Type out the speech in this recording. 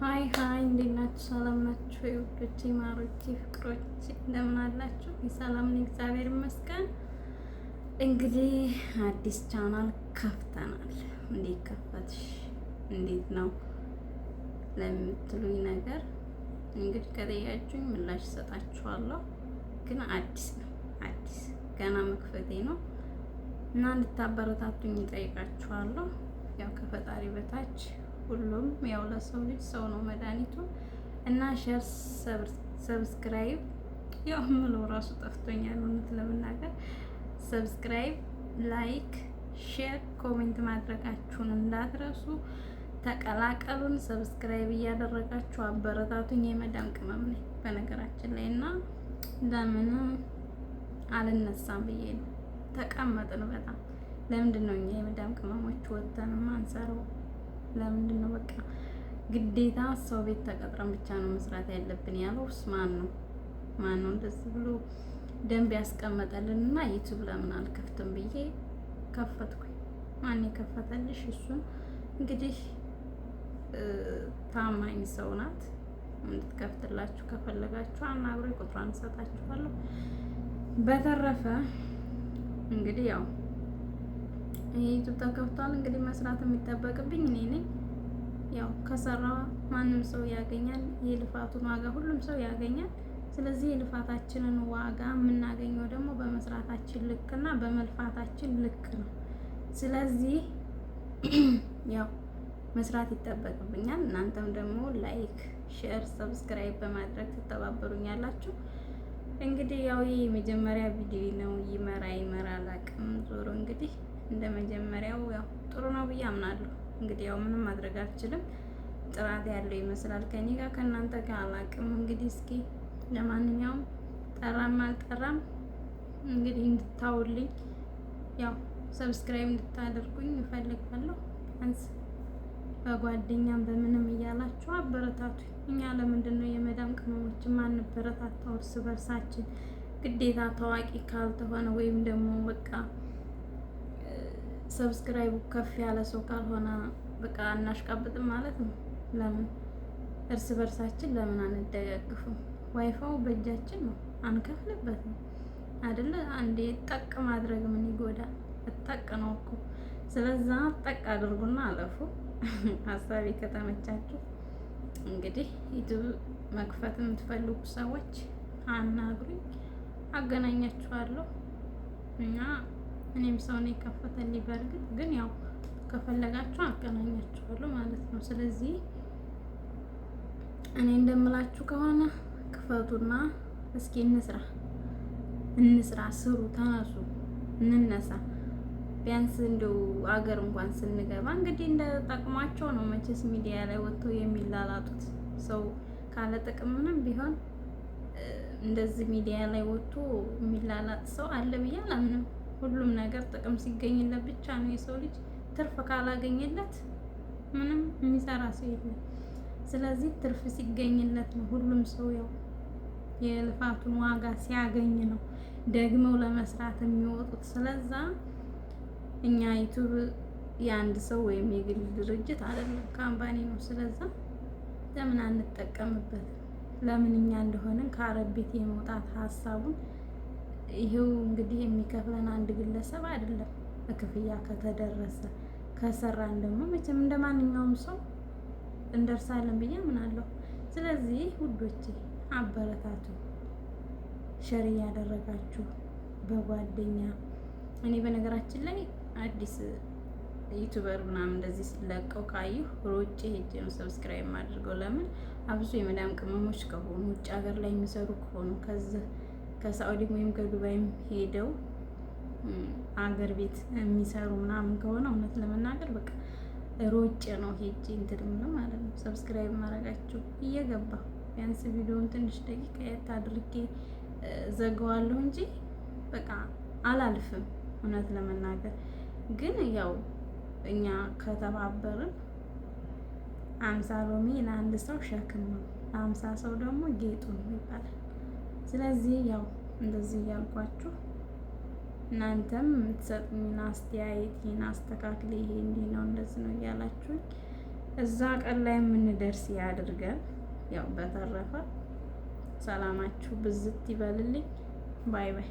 ሀይ ሀይ፣ እንዴት ናችሁ? ሰላም ናችሁ? የውዶቼ ማሮቼ ፍቅሮቼ እንደምን አላችሁ? የሰላም ነው እግዚአብሔር ይመስገን። እንግዲህ አዲስ ቻናል ከፍተናል። እንዴት ከፈትሽ? እንዴት ነው ለምትሉኝ ነገር እንግዲህ ከጠያችሁኝ ምላሽ እሰጣችኋለሁ። ግን አዲስ ነው አዲስ ገና መክፈቴ ነው እና እንድታበረታቱኝ እጠይቃችኋለሁ። ያው ከፈጣሪ በታች ሁሉም ያው ለሰው ልጅ ሰው ነው መድኃኒቱ እና ሸር ሰብስክራይብ ያው ምለው ራሱ ጠፍቶኛል። እውነት ለመናገር ሰብስክራይብ፣ ላይክ፣ ሼር፣ ኮሜንት ማድረጋችሁን እንዳትረሱ። ተቀላቀሉን። ሰብስክራይብ እያደረጋችሁ አበረታቱኝ። የመዳም ቅመም ነኝ በነገራችን ላይ እና ለምንም አልነሳም ብዬ ነው ተቀመጥን። በጣም ለምንድን ነው እኛ የመዳም ቅመሞች ወጥተን ማንሰራው? ለምንድን ነው በቃ ግዴታ ሰው ቤት ተቀጥረን ብቻ ነው መስራት ያለብን ያለው እሱ ማን ነው? ማን ነው እንደዚህ ብሎ ደንብ ያስቀመጠልን እና ዩቱብ ለምን አልከፍትም ብዬ ከፈትኩኝ። ማን የከፈተልሽ? እሱን እንግዲህ ታማኝ ሰው ናት። እንድትከፍትላችሁ ከፈለጋችሁ አናግሮ ቁጥሯን እሰጣችኋለሁ። በተረፈ እንግዲህ ያው ዩቱብ ተከፍቷል። እንግዲህ መስራት የሚጠበቅብኝ እኔ ነኝ። ያው ከሰራ ማንም ሰው ያገኛል፣ የልፋቱን ዋጋ ሁሉም ሰው ያገኛል። ስለዚህ የልፋታችንን ዋጋ የምናገኘው ደግሞ በመስራታችን ልክና በመልፋታችን ልክ ነው። ስለዚህ ያው መስራት ይጠበቅብኛል። እናንተም ደግሞ ላይክ፣ ሼር፣ ሰብስክራይብ በማድረግ ትተባበሩኛላችሁ። እንግዲህ ያው የመጀመሪያ ቪዲዮ ነው። ይመራ ይመራ አላቅም ዞሮ እንግዲህ እንደ መጀመሪያው ያው ጥሩ ነው ብዬ አምናለሁ። እንግዲህ ያው ምንም ማድረግ አልችልም። ጥራት ያለው ይመስላል ከኔ ጋር ከእናንተ ጋር አላቅም። እንግዲህ እስኪ ለማንኛውም ጠራም አልጠራም እንግዲህ እንድታውልኝ ያው ሰብስክራይብ እንድታደርጉኝ እፈልጋለሁ። አንስ በጓደኛም በምንም እያላችሁ አበረታቱ። እኛ ለምንድን ነው የመዳም ቅመሞችን ማንበረታታው? እርስ በርሳችን ግዴታ ታዋቂ ካልተሆነ ወይም ደግሞ በቃ ሰብስክራይቡ ከፍ ያለ ሰው ካልሆነ በቃ እናሽቃብጥም ማለት ነው። ለምን እርስ በርሳችን ለምን አንደጋግፍም? ዋይፋው በእጃችን ነው፣ አንከፍልበትም አይደለ? አንዴ ጠቅ ማድረግ ምን ይጎዳል? ጠቅ ነው እኮ። ስለዛ ጠቅ አድርጉና አለፉ። ሀሳቤ ከተመቻችሁ እንግዲህ ዩቱብ መክፈት የምትፈልጉ ሰዎች አናግሩኝ፣ አገናኛችኋለሁ እና እኔም ሰው ነው የከፈተልኝ። በእርግጥ ግን ያው ከፈለጋችሁ አገናኛችኋለሁ ማለት ነው። ስለዚህ እኔ እንደምላችሁ ከሆነ ክፈቱና እስኪ እንስራ እንስራ፣ ስሩ፣ ተነሱ፣ እንነሳ። ቢያንስ እንደው አገር እንኳን ስንገባ እንግዲህ እንደጠቅሟቸው ነው መቼስ ሚዲያ ላይ ወጥተው የሚላላጡት ሰው ካለ ጥቅም ምንም ቢሆን እንደዚህ ሚዲያ ላይ ወጥቶ የሚላላጥ ሰው አለ ብዬ አላምንም። ሁሉም ነገር ጥቅም ሲገኝለት ብቻ ነው። የሰው ልጅ ትርፍ ካላገኘለት ምንም የሚሰራ ሰው የለም። ስለዚህ ትርፍ ሲገኝለት ነው ሁሉም ሰው ያው የልፋቱን ዋጋ ሲያገኝ ነው ደግመው ለመስራት የሚወጡት። ስለዛ እኛ ዩቱብ የአንድ ሰው ወይም የግል ድርጅት አይደለም፣ ካምፓኒ ነው። ስለዛ ለምን አንጠቀምበት? ለምን እኛ እንደሆነ ከአረብ ቤት የመውጣት ሀሳቡን ይሄው እንግዲህ የሚከፍለን አንድ ግለሰብ አይደለም። በክፍያ ከተደረሰ ከሰራን ደግሞ መቼም እንደ ማንኛውም ሰው እንደርሳለን ብዬ አምናለሁ። ስለዚህ ውዶቼ አበረታቱ፣ ሸር እያደረጋችሁ በጓደኛ እኔ በነገራችን ላይ አዲስ ዩቱበር ምናምን እንደዚህ ስለቀው ካዩ ሮጬ ሄጄ ነው ሰብስክራይብ አድርገው። ለምን አብዙ የመዳም ቅመሞች ከሆኑ ውጭ ሀገር ላይ የሚሰሩ ከሆኑ ከዚህ ከሳዑዲም ወይም ከዱባይም ሄደው አገር ቤት የሚሰሩ ምናምን ከሆነ እውነት ለመናገር በቃ ሮጭ ነው ሄጅ እንትን የምለው ማለት ነው። ሰብስክራይብ ማድረጋችሁ እየገባ ቢያንስ ቪዲዮውን ትንሽ ደቂቃ የት አድርጌ ዘገዋለሁ እንጂ በቃ አላልፍም። እውነት ለመናገር ግን ያው እኛ ከተባበርን አምሳ ሎሚ ለአንድ ሰው ሸክም ነው፣ ለአምሳ ሰው ደግሞ ጌጡ ይባላል። ስለዚህ ያው እንደዚህ እያልኳችሁ እናንተም የምትሰጡኝን አስተያየት ይህን አስተካክል፣ ይሄ እንዲህ ነው እንደዚህ ነው እያላችሁኝ እዛ ቀን ላይ የምንደርስ ያድርገን። ያው በተረፈ ሰላማችሁ ብዝት ይበልልኝ። ባይ ባይ።